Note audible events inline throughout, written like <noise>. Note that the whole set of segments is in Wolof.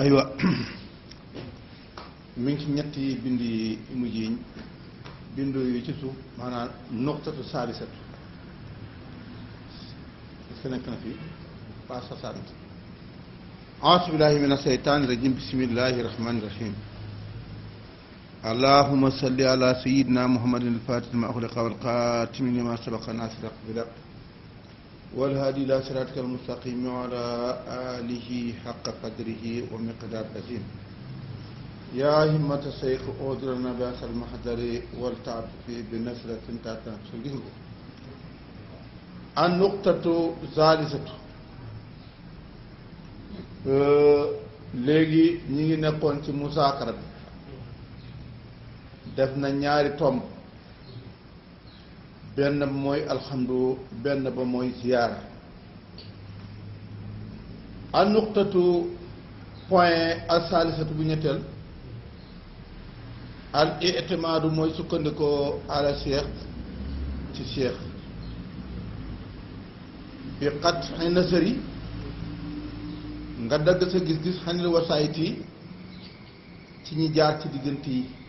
aywa <clears throat> mi ngi ci ñetti bind yi mujj bind yu ci suuf maanaa noqtatu saalisatu est-ce que nekk na fi page soixante auzu billaahi mina sheytaani rajiim bismillaahi rahmaani rahiim اللهم صل على سيدنا محمد الفاتح ما أغلق والقاتم لما سبق ناصر بالحق والهادي إلى صراطك المستقيم وعلى آله حق قدره ومقدار عزيم يا همة الشيخ أودر النباس المحضر والتعب في فيه بنصرة تعتنق النقطة الثالثة léegi ñi ngi nekkoon ci musaakara def na ñaari tomb benn ba mooy alxamdu benn ba mooy ziyaara annuqtatu point alsaalisatu bu ñetteel al itimaadu mooy sukkandikoo ala cheikh ci cheikh bi xat xani nasari nga dagg sa gis-gis xanil wasaayit ci ñi jaar ci diggante yi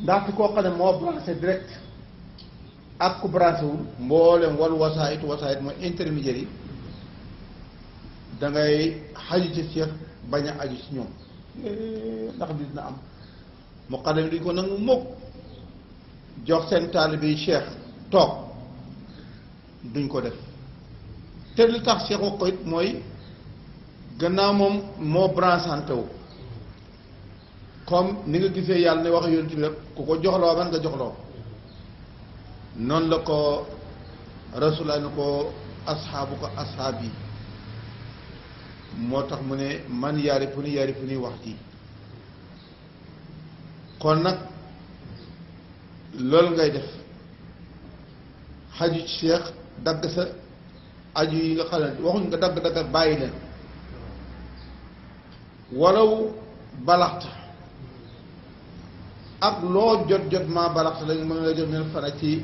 ndaxte koo xam ne moo branché direct ak ku branché wul mboolem wal wasaayit wasaayit mooy intermédiaire yi da ngay xaju ci Cheikh bañ a aju ci ñoom eh, ndax bi dina am muqaddam yi duñ ko nangu mukk jox seen taalibe yi Cheikh toog duñ ko def te li tax Cheikh wax ko it mooy gannaaw moom moo branchante wu comme ni nga gisee yàlla ne wax yonent bi rek ku ko joxloo man nga joxloo noonu la ko rasulaa ne ko asxaabu ko asxaab yi moo tax mu ne man yaarifu ni yaarifu ni wax ji kon nag loolu ngay def xaju ci Cheikh dagg sa aju yi nga xam ne waxuñ nga dagg dagg bàyyi leen walaw balaxta ak loo jot jot maa balax lañ mën la jot mel fana ci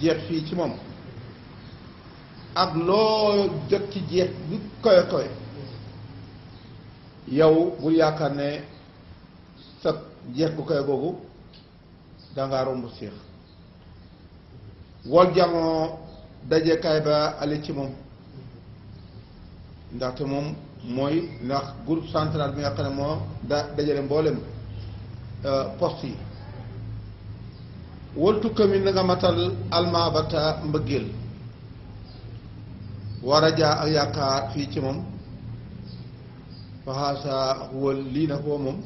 jeex fii ci moom ak loo jot ci jeex bu koy koy yow bul yaakaar ne sa jeex bu koy googu dangaa romb séex wal jamoo dajekaay ba ali ci moom ndaxte moom mooy ndax groupe central bi nga xam ne moo da dajale mboolem Euh, poste yi waltu commune na nga matal almaabata mbëggeel war a jaa ak yaakaar fii ci moom faxaasa wal lii na koo moom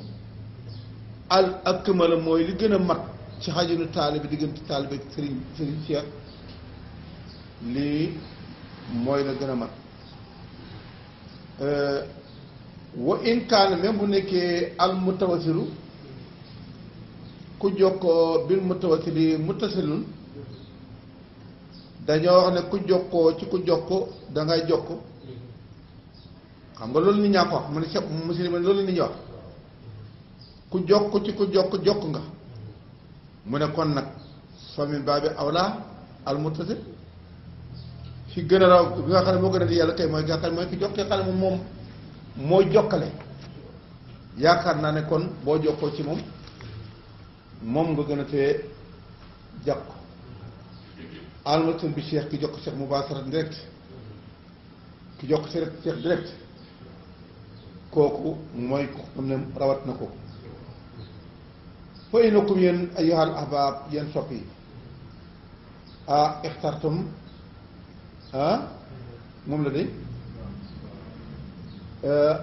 al ak këmala mooy li gën a mat ci xajinu taalibi diggante taalibi ak sëriñ sëriñ Cheikh lii mooy la gën a mat euh, wa in kaana même bu nekkee al ku jokkoo bil mutawakkili muttasilun dañoo wax ne ku jokkoo ci ku jokk dangay ngay jokk xam nga loolu nit ñaa ko wax mu ne ca muslim loolu nit ñi wax ku jokk ci ku jokk jokk nga mu ne kon nag famille baabi awla al muttasil fi gën a raw bi nga xam ne moo gën a di yàlla kay mooy nga xam ne mooy ki jokk moom moo jokkale yaakaar naa ne kon boo jokkoo ci moom moom nga gën a tee jàpp almatul bi cheikh ki jox ko cheikh mubaasarat direct ki jox ko cheikh direct kooku mooy ko xam ne rawat na ko fa innakum yéen ayyuhal ahbaab yéen sopp yi ah ixtartum moom la de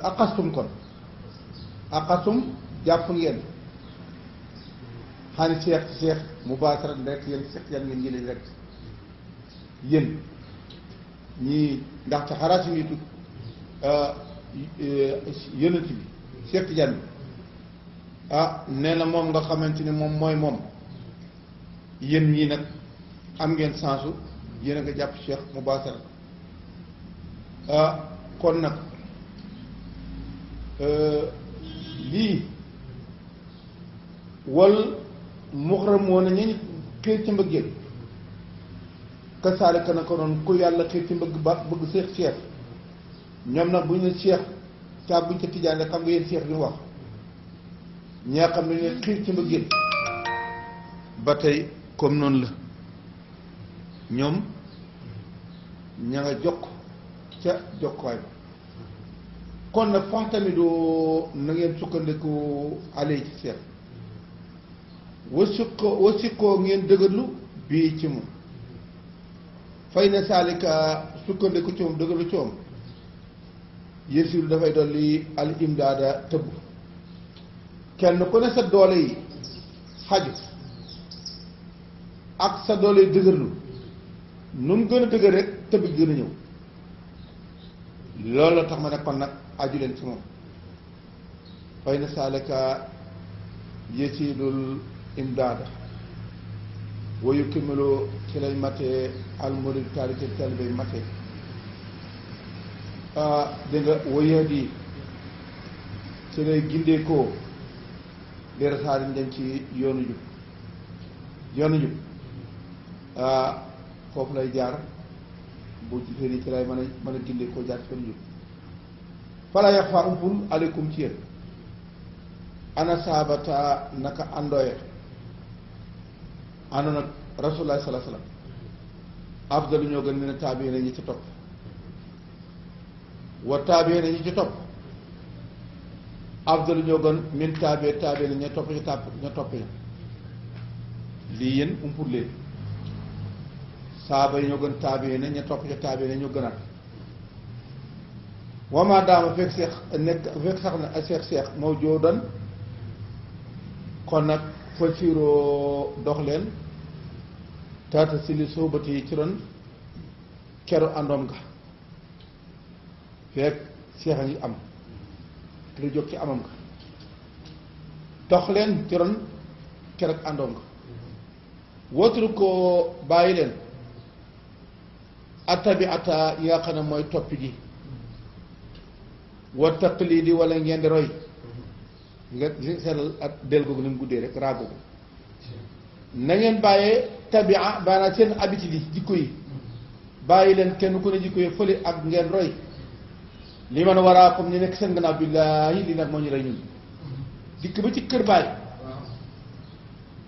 aqastum kon aqastum jàpp ngeen hani cheikh cheikh mubasaran rek yéen cheikh yan ngeen jëlee rek yéen ñii ndaxte xaraa si nitu euh, yonent bi cheikh yan ah nee na moom nga xamante ne moom mooy moom yéen ñii nag am ngeen sansu yéen nga jàpp cheikh mubasaran ah kon nag euh, lii wal muxram woon nañu xiir ci mbëggeel kasaalika na ko noonu ku yàlla xiir ci mbëgg ba bëgg seex seex ñoom na bu ñu ne seex caa buñ ca tijaan xam nga seex li mu wax ñaa xam ne ne xiir ci mbëggeel ba tey comme noonu la ñoom ña nga jokk ca jokkuwaay ba kon nag fax tamit doo na ngeen sukkandiku ale ci seex wasiqoo wasiqoo ngeen dëgërlu bii ci moom fay na saalika sukkandiku ci moom dëgërlu ci moom yësul dafay dolli al imdaada tëbb kenn ku ne sa doole yi xaju ak sa doole yi dëgërlu nu mu gën a dëgër rek tëbb gi gën ñëw loolu tax ma ne kon nag aju leen ci moom fay na saalika yësilul imdaada wa yukmilu ci lañ matee almurid taalibe ci taalibe yi matee dégg nga ci lay gindeekoo leer saariñ dem ci yoonu jub yoonu jub foofu lay jaar bu gisee nii ci lay mën a mën a gindeekoo jaar ci yoonu jub fala yaxfaa umpul aleykum ci yéen ana naka àndooya àndoon ak rasulullah salaa afdalu ñoo gën ñu ne taabiin ñi ci topp wa taabiin ñi ci topp afdalu ñoo gën min taabee taabee ña topp ci tàpp ña topp ya ñoo gën taabee ña topp ci taabee ñoo gënaat wamaa daama fekk seex nekk fekk sax na seex seex moo joodan kon nag fasiroo dox leen taata si li soobati yi ci ron keru àndoom nga fekk seex am te du jóg ci amam nga dox leen ci ron ker ak àndoom nga wotru ko bàyyi leen atta bi atta yi nga xam ne mooy toppi gi wa taqlidi wala ngeen di roy nga seetal ak del googu ni mu guddee rek raa googu na ngeen bàyyee tabia baanaa seen habitude yi jikko yi bàyyi leen kenn ku ne jikko yi fële ak ngeen roy li man waraa comme ñu nekk seen gannaaw billaahi li nag moo ñu rey ñun dikk ba ci kër baay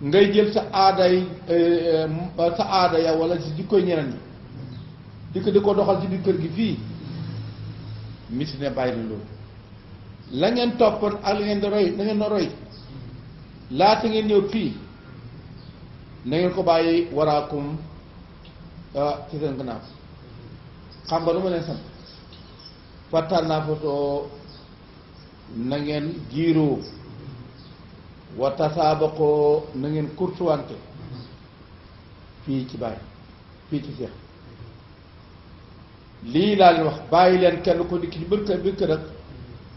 ngay jël sa aaday eh, eh, sa aada ya wala si jikkoy ñeneen ñi dikk di ko doxal ci kër gi fii misi ne bàyyi na loolu la ngeen toppoon ak la ngeen di roy na ngeen na roy laata ngeen ñëw fii na ngeen ko bàyyi waraakum ah, ci seen gannaaw xam nga lu ma leen sant fàttal naa fotoo na ngeen jiiroo wa ko na ngeen kurtuwante fii ci bàyyi fii ci seex lii laa leen wax bàyyi leen kenn ko dikk ci kër biir kër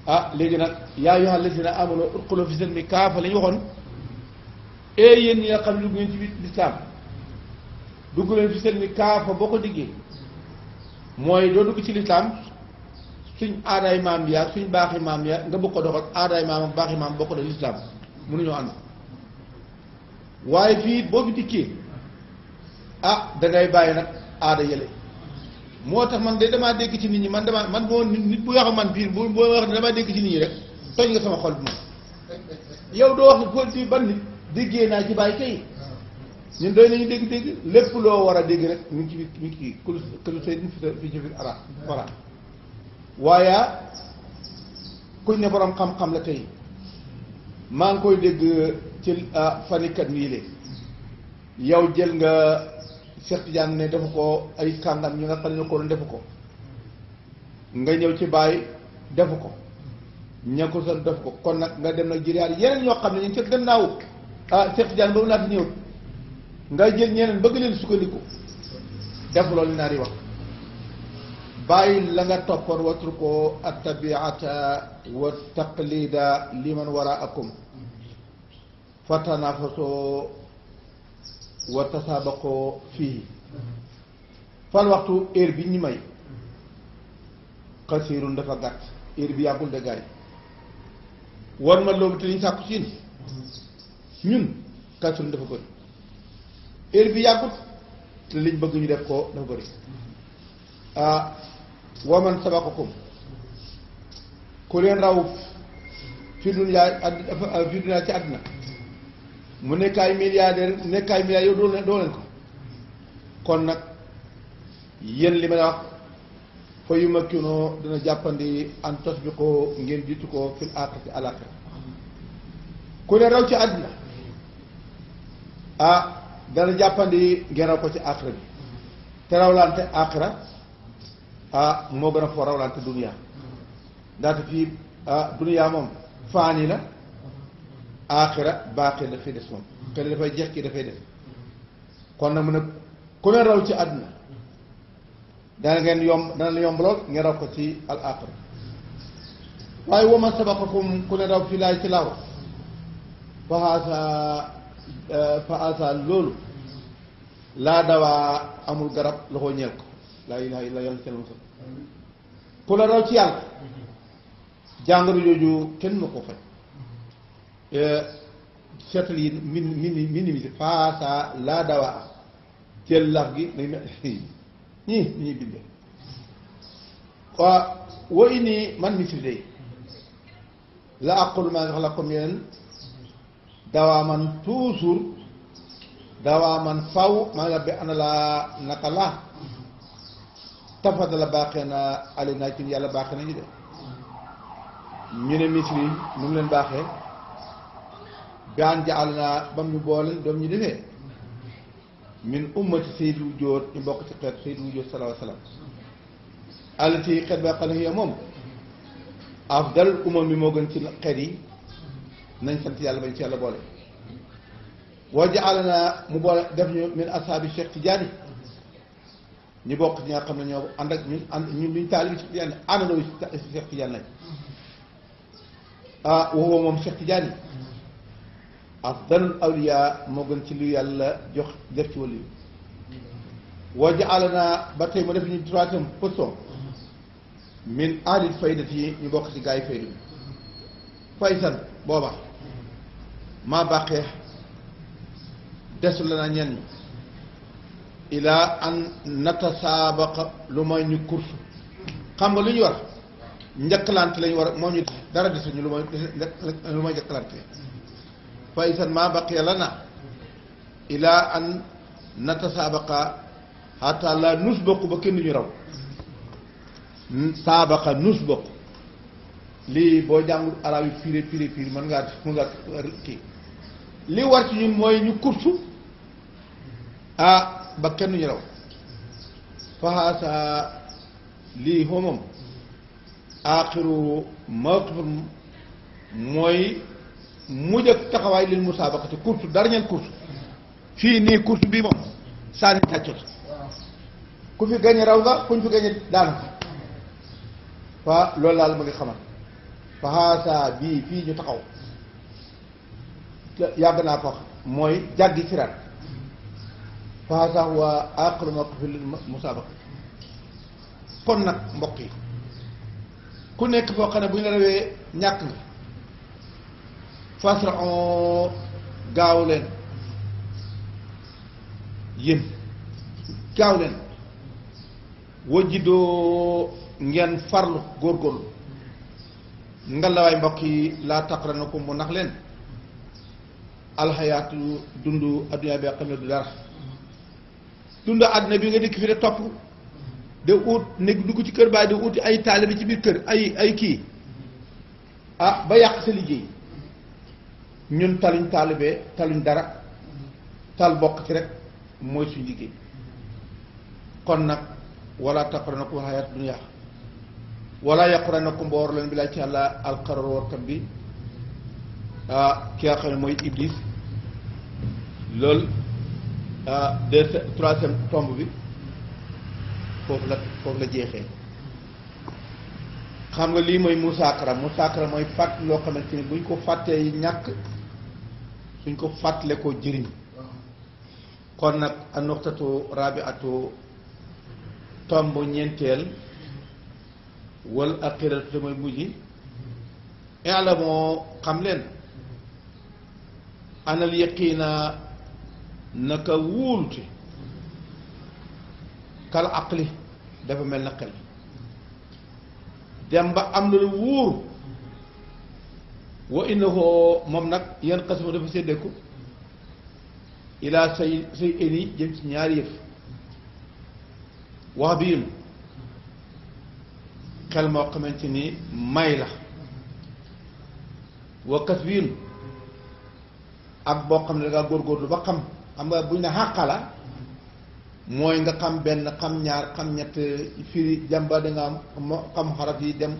ah léegi nag yaa ayyuha alladina amanu udxulu fi silmi kaafa la ñu ee yéen ñi xam ne dugg ngeen ci lislaam dugg leen fi silmi kaafa boo ko diggee mooy doo dugg ci lislaam suñ aadaay maam yaa suñ baaxi maam yaa nga bëgg ko doxal aadaay maam ak baaxi maam boo ko doon lislaam mënuñoo ànd waaye fii boo fi dikkee ah dangay bàyyi nag aada yële moo tax man de damaa dégg ci nit ñi man damaa man boo nit bu wax man biir bu boo wax damaa dégg ci nit ñi rek toj nga sama xol bi moom yow doo wax ko di ban nit déggee naa ci bàyyi tey ñun doy loo war a dégg rek ñu ci biir ñu ngi ci kul kul voilà waaye kuñ ne borom xam-xam la tey maa ngi koy dégg ci ah, fanikat nii le yow jël nga Cheikh Tidiane ne defu ko ay kàngam ñi nga xam ne ko doon defu ko nga ñëw ci bàyyi defu ko ña ko son defu ko kon nag nga dem nag jëriyaat yeneen ñoo xam ne ñu ngi ca gannaaw ah ba mu naat ñëwut nga jël ñeneen bëgg leen sukkandiku def loolu naar yi wax bàyyi la nga toppoon watru ko at tabiata wa taqlida liman waraakum fatanafasoo wa tasaabaqoo fii fal waxtu heure bi ñu may xasirun dafa gàtt heure bi yàggul de gaay wan ma loolu te liñ sàkku siin ñun xasirun dafa bëri heure bi yàggut te liñ bëgg ñu def ko dafa bëri ah waman sabaqakum ku leen raw fi duniyaa ad fi duniyaa ci àddina mu nekk ay milliardaire nekk ay milliards yow doo leen ko kon nag yéen li ma la wax fa yu makkinoo dina jàppandi an tos bi ko ngeen jiitu ko fil aaxirati alaaxira ku ne raw ci àddina ah, dana jàppandi ngeen raw ko ci aaxira bi te rawlante aaxira ah, moo gën a foo rawlante duniyaa ndaxte fii ah, duniyaa moom faani la aaxira baaxi dafay des moom kenn kon nag mu ne ku ne raw ci àdduna dana ngeen yomb dana yomb lool ngeen raw ko ci al aaxira waaye wama sabaqakum ku ne raw ci laay ci laaw fa asa fa loolu laa dawaa amul garab loxo ñeel ko laa ilaha illa yàlla seen ci yàlla jàngoro kenn ma ko faj Eh, seetal yi min min minimise faasa laa dawaa am jël laf gi dañ ñi ñuy binde waaw wa ini man misri day la aqul maa ma wax la comme yeneen dawaa man toujours dawaa man faw maa ngi bi ana laa naka laa tafadala baaxe na ali naa ci yàlla baaxee nañu de ñu ne misri mu leen baaxee bi an jaal naa bam ñu boole doom ñu defee min ummati sayyidul ñu bokk ci xeet sayyidul wujjoot sallallahu alayhi wa sallam allati xeet ba xam ne moom afdal umam bi moo gën ci xeet yi nañ sant yàlla bañ ci yàlla boole wa jaal naa mu boole def ñu min asaabi Cheikh Tidiane ñu bokk ci xam ne ñoo ànd ak ñun ànd ñun duñ taalibi Cheikh Tidiane àndandoo Cheikh ah moom Cheikh Tidiane afdalul awliya moo gën ci lu yàlla jox def ci wàllu yi wajalana ba tey mu def ñu troisième position min aadil faydat yi ñu bokk ci gaa yi faysan booba maa bàqee desul la na ñenn ñi ilaa an natasaabaqa lu may ñu course xam nga lu ñu war njëkkalante lañu war moo ñu dara desul ñu lu may lu may njëkkalante fa isan ma baqiya lana ila an natasaabaqa hatta la nus bokk ba kenn ñu raw saabaqa nus bokk lii boo jàngul arab yi piré piré piré mën ngaa mën ngaa kii li war ci ñun mooy ñu kursu ah ba kenn ñu raw faxaasa lii xoo moom aaxiru mawqifam mooy mujj ak taxawaay lil musaabaqati course dernière course fii nii course bii moom sànni tàccut ku fi gañe raw nga kuñ fi gañe daan ko waa loolu daal ma ngi xamal faxaasaa bii fii ñu taxaw yàgg naa ko wax mooy jàggi siraat faxaasaa waa aaxiru mawqifin lil musaabaqati kon nag mbokk yi ku nekk foo xam ne bu ñu la rawee ñàkk nga fasraon gaaw leen yéen gaaw leen wajidoo ngeen farlu góorgóorlu ngalawaay mbokk yi laa taqranakum mu nax leen alxayaatu dund adduna bi nga dund adduna bi nga dikk fi de topp de ut nekk dugg ci kër baay de uti ay taalibe ci biir kër ay ay kii ah ba yàq sa liggéey ñun taluñ taalibe taluñ dara tal bokk ci rek mooy suñu liggéey kon nag wala taqranakum hayat dunya wala yaqranakum boo war leen bi laa ci àlla alqarar warkat bi ah ki nga xam ne mooy iblis loolu ah tomb bi foofu la foofu la jeexee xam nga lii mooy musaakara musaakara mooy fàtt loo xamante ni buñ ko fàttee ñàkk suñ ko fàttale koo jëriñ kon nag a noxtatu rabiatu tomb ñeenteel wal axiratu te mooy mujj ilamoo xam leen anal yaqiina naka wóolute kal aqli dafa mel na xel dem ba am na lu wóor wa innahu moom nag yan xasuma dafa séddeku ilaa say say éni jëm ci ñaari yëf wax bi yun xel moo xamante nii may la wa kas bi yun ak boo xam ne dangaa góorgóorlu ba xam xam nga buñ ne xàqala mooy nga xam benn xam ñaar xam ñett firi jàmba da am xam xaraf yi dem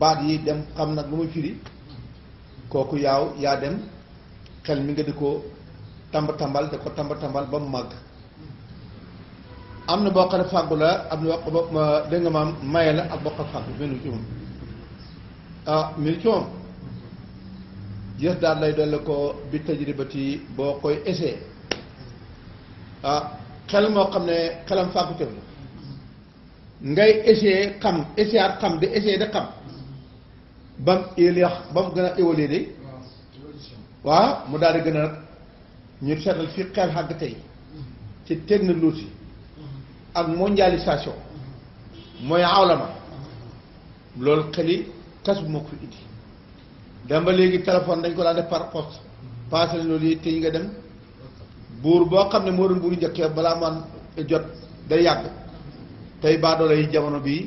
baat yi dem xam nag lu muy firi kooku yaaw yaa dem xel mi nga di ko tamba tambal da ko tamba tambal ba mu màgg am na boo fàggu la am na wax dégg nga maam maye la ak bokk ak fàggu benn ci moom ah daal lay dolli ko bi tajribati boo koy essayé ah, xel moo xam ne xelam fàggu tef la ngay essayé xam essayaat xam di essayé di xam ba mu éleex gën a évolué de waaw mu daal di gën a nag ñu seetal fi xel xàgg tey ci technologie ak mondialisation mooy awlama loolu xeli kas bu moo ko fi indi dama léegi téléphone dañ ko daan def par poste passé la yi nga dem buur boo xam ne moo doon buuru njëkkee balaa man jot day yàgg tey baadoolo yi jamono bii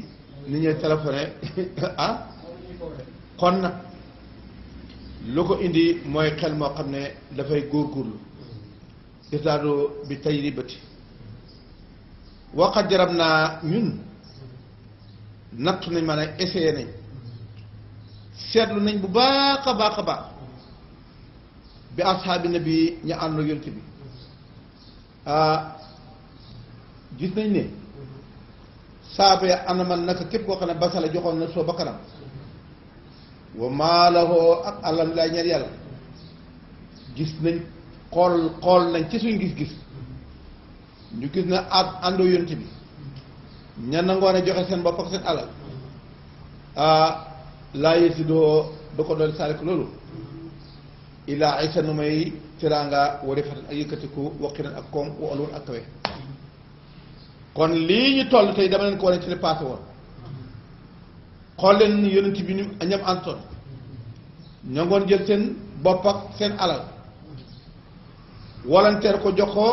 ni ñuy téléphoné <laughs> ah kon na lu ko indi mooy xel moo xam ne dafay góorgóorlu istaado bi tajribati waqat jarab naa ñun natt nañ man a essayé nañ seetlu nañ bu baax a baax a baax bi ashaabi nabi ñu àndoo yont bi ah, gis nañ ne saaba ya anamal naka képp koo xam ne basala joxoon na soo ba kanam wa maalahoo ak àllam lay ñeel yàlla gis nañ xool xool nañ ci suñ gis-gis ñu gis na ànd àndoo yont bi ña nangoon a joxe seen bopp ak seen alal ah laa yësi doo du ko doon saalik loolu ilaa isa nu may teraanga wari fatan ak yëkkatiku waqiran ak koom wa oloon ak kawe kon lii ñu toll tey dama leen ko wane ci li paase woon xool leen yonent bi ñu ñam antoon ñoo ngoon jël seen boppa seen alal volontaire ko jox ko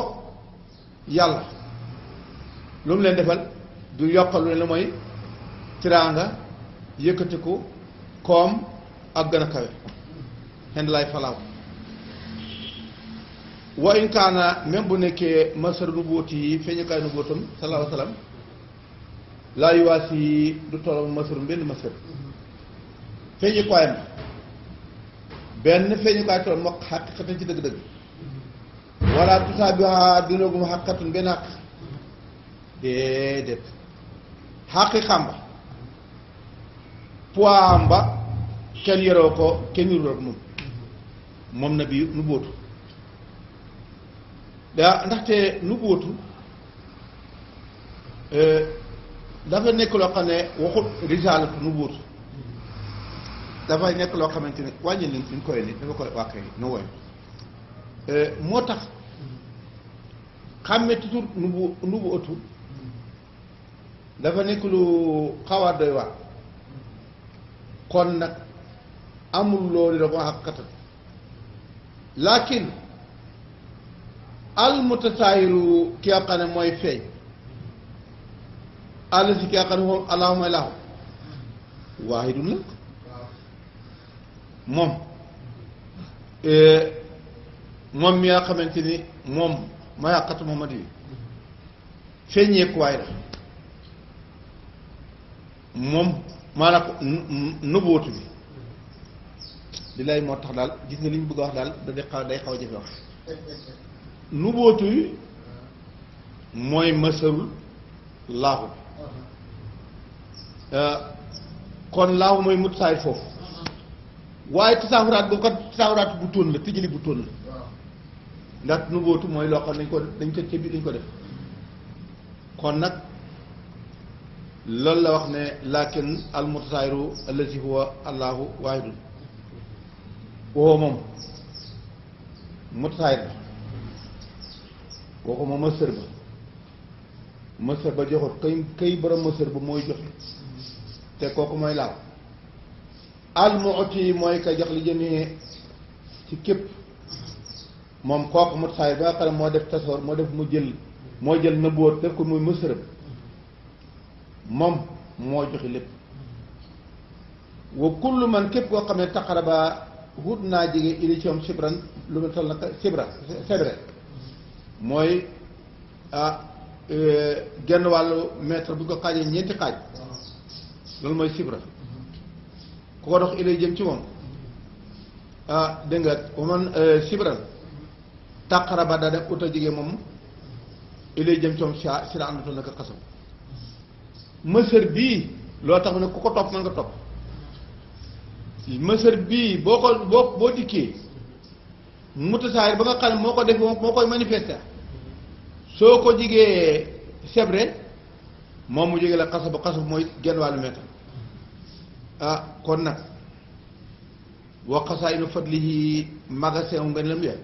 yàlla lu mu leen defal du yokkal lu leen mooy tiraanga yëkkatiku koom ak gën a kawe xend lay falaaw wa in kaana bu nekkee masar nu bóoti yi feeñukaay nu bóotam laa yuwaasi du tolloog masarun benn masar feeñukaayam benn feeñukaay tolloog moo xaqiqatan ci dëgg-dëgg wala tusaabiha dunoogum xaqiqatan benn xaq déedéet xaqiqam ba poids ba kenn yoroo ko kenn yoroo ko moom moom na bi nu bóotu daa ndaxte nu bóotu euh, dafa nekk loo xam ne waxut risaala nu buur dafay nekk loo xamante ne wàññi leen suñ koy nit dafa koy wàkkee nu woy euh, moo tax xàmme toujours nu bu nu bu ëttu dafa nekk lu xawaat doy waar kon nag amul loolu dafa wax ak xatal laakin al ki nga xam ne mooy feeñ àll si kaa xam ne moom moom eh, moom mi nga xamante ni moom ma yàqatu Muhammad yi feeñeekuwaay la moom maanaam nubuwatu bi li lay moo tax daal gis nga li ñu bëgg a wax daal da xaw day xaw a jafe wax nubuwatu yi mooy mësarul laaxu Euh, kon laaw mooy mut saay foofu mm-hmm. waaye tasaawuraat boobu kat tasaawuraat bu tóon la tëjali bu tóon la ndax nu bootu mooy loo xam ko dañ ko ci dañ ko def kon nag loolu la wax ne laakin al mutasaayiru allazi huwa allahu waahidun woo moom mutasaayir ba kooku moom mësër ba mësër ba joxut kay kay borom mësër ba mooy joxe te kooku mooy laab al mu'ti mooy ka jox li jëmee ci képp moom kooku mut saay ba xam moo def tasoor moo def mu jël moo jël nëbboot def ko muy mësërëm moom moo joxe lépp wa kullu man képp koo xam ne taqaraba wut naa jege ili coom sibran lu mu toll nag sibra sebre mooy ah, euh, genn wàllu mètre bu ko xaajee ñeenti xaaj loolu mooy sibra ku ko dox ilay jëm ci moom ah dégg nga man eh, sibra taqaraba def ut a jege moom ilay jëm ci moom si si la àndatu naka xasam mësër bii loo tax ne ku ko topp mën nga topp mësër bii boo ko boo boo dikkee mutasaayir ba nga xam moo ko def moo koy manifester soo ko jigee sebre moom mu jógee la xasab xasab mooy genn wàllu mètre ah kon nag wa xasaayinu fadlihi magasin wu ngeen lam ya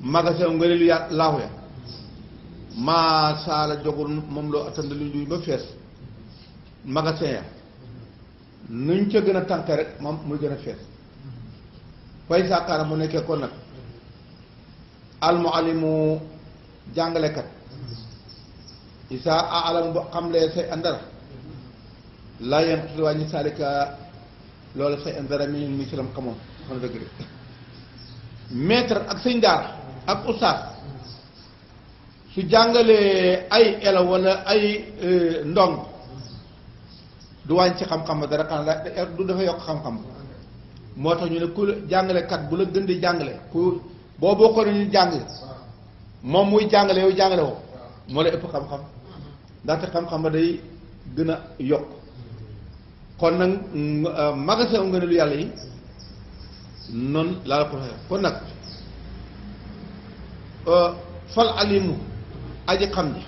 magasin wu ngeen lu ya laaxu ya maa saala jogoon moom loo attand lu ñu ba fees magasin ya nuñ ca gën a tànke rek moom muy gën a fees fay saakaara mu nekkee kon nag almuallimu jàngalekat isaa alam bu xamlee say andara laa yem tuuti wàññi saalika loolu mi muy xamoon xam ak sëñ daara ak ustaas su jàngalee ay elaw wala ay e, ndong du wàññi ci xam-xam ba dara xanaa er, du dafa yokk xam-xam moo tax ñu ne ku jàngalekat bu la gën di jàngale pour boo bokkoo ni ñu jàng moom muy jàngale yow jàngale woo moo la ëpp xam-xam ndaxte xam-xam ba day gën a yokk kon nag euh, magasin u ngëneelu yàlla yi noonu kon nag euh, fal alimu aji xam ji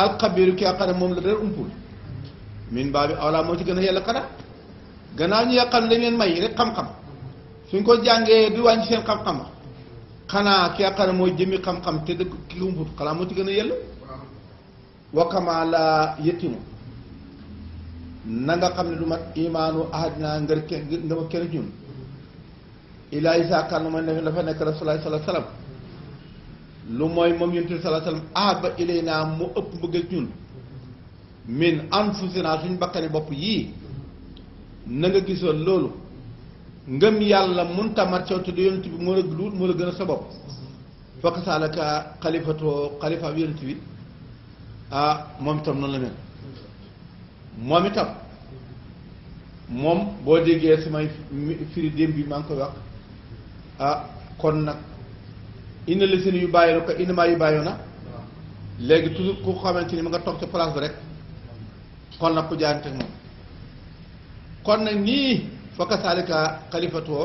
alxabiru ki nga xam moom la dara umpul min baa bi laa moo ci gën a yàlla xanaa gannaaw ñi yàqal xam ne dañ may rek xam-xam suñ ko jàngee du wàññi seen xam-xam xanaa ki nga xam ne mooy jëmi xam-xam te dëgg ki umpul xanaa moo ci gën a yàlla wa kama la yettimu na nga xam ne du mat imaanu ahadina ngir nga ma kenn ñun isa isaakar nu ma ne dafa nekk rasulaay sala salaam lu mooy moom yonent bi sala salaam ahaba ilayna mu ëpp mbëgg ñun min anfusina suñ bakkani bopp yii na nga gisoon loolu ngëm yàlla munta tamat soo tudd yonent bi moo la lu moo la gën a sa bopp fakk saalaka xalifato xalifa yonent bi ah moom itam noonu la mel moom itam moom boo déggee samay firi démb bi maa ngi koy wax ah kon nag indi la seen yu bàyyi ko indi maa yu bàyyoon na léegi toujours ku xamante ni ma nga toog ca place bi rek kon nag ku jaante moom kon nag nii fa kasaalika xalifatoo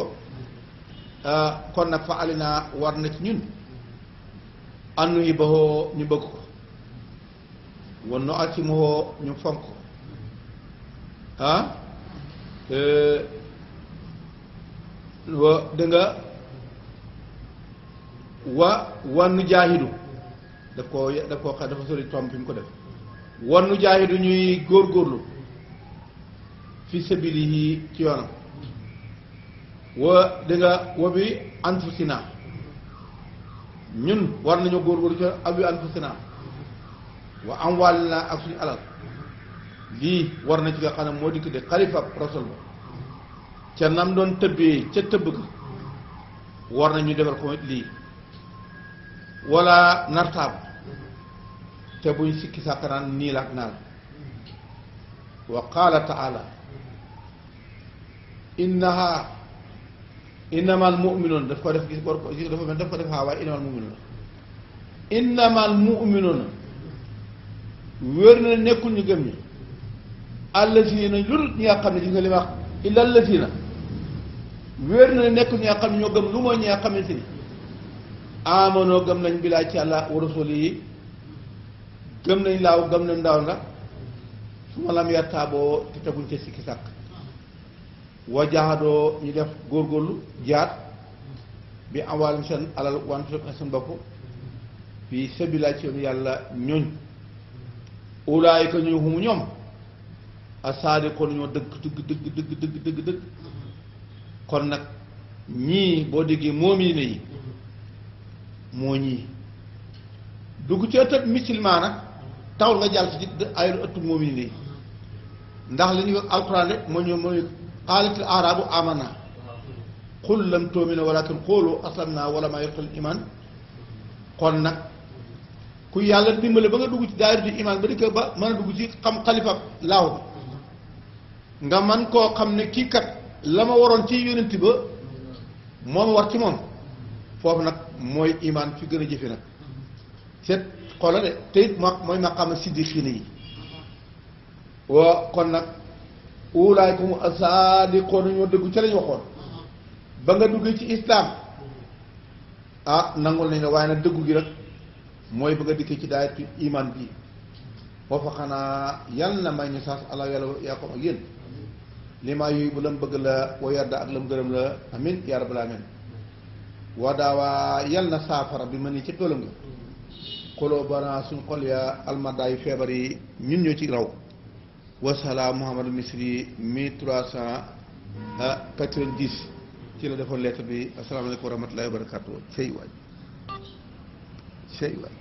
ah, kon nag war na ci ñun annu yi baxoo ñu bëgg ko wan nu atimuhoo ñu fonk ah wa da nga wa wannu jaahidu daf koo daf koo xam dafa sori tomb fi mu ko def wannu jaahidu ñuy góorgóorlu fi sabilihi ci yoonam wa da wa bi anfusina ñun war nañu góorgóorlu ci ab bi anfusina waa am wàll naa ak suñu alal lii war na ci nga xam ne moo dikk di xalifa rasul ba ca nam doon tëbbee ca tëbb ka war na ñu defal ko lii wala nartaab te buñ sikki sàkkanaan nii la ak naa wa qaala taala innaha innamal mu'minoon daf ko def gis bor ko daf ko def xaa waaye innamal mu'minoon innamal wér na nekkul ñu gëm ñi allazina lu dul ñi nga xam ne li nga li wax illa allazina wér na nekkul ñi nga xam ne ñoo gëm lu mooy ñi nga xamante ni amanoo gëm nañ bilaa ci àlla wa yi gëm nañ laaw gëm nañ ndaaw la su ma lam yattaaboo te teguñ ca sikki sàkk wa ñu def góorgóorlu jaat bi am seen alal wante seen bopp fii sabilaay ci yoon yàlla ñooñ ulaayika ñuy humu ñoom asaadiqoon ñoo dëgg dëgg dëgg dëgg dëgg dëgg kon nag ñii boo déggee moom yi moo ñii dugg ci ëttëb musulmaan nag taw nga jàll ci ay ëttu moomine yi ndax li ñuy wax alquran rek moo ñu mooy qaalatil arabu amana qul lam tu'minu walakin qulu aslamna wa lamma yadkhulil kon nag ku yàlla dimbale ba nga dugg ci daayiratu imaan ba dëkk ba mën a dugg ci xam xalifa laaw bi nga man koo xam ne kii kat la ma waroon ci yonent ba moom war ci moom foofu nag mooy imaan fi gën a jëfe nag seet xoola de te it ma mooy maqaama siddiqiina yi waa kon nag wulaay ko mu asaadiqoon ñoo dëggu ci lañ waxoon ba nga duggee ci islaam ah nangul nañ la waaye nag dëggu gi rek mooy bëgg a dikkee ci daayatu iman bi foofa xanaa yal na may ñu saas ala yaa ko ak yéen li maa yuy bu bëgg la wa yarda ak lam gërëm la amin yaa rabbal amin waa daawaa yal na saafara bi ma ni ci toolam nga xoloo bana suñ xol ya almadaay feebar yi ñun ñoo ci raw wasalaam Mouhamadou Misri mille trois cent quatre-vingt-dix ci la defoon lettre bi asalaamaaleykum wa rahmatullahi wa barakatu sey waay sey waay